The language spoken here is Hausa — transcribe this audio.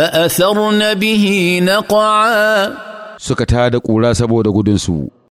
bihi na نقعا suka tada ƙura saboda gudunsu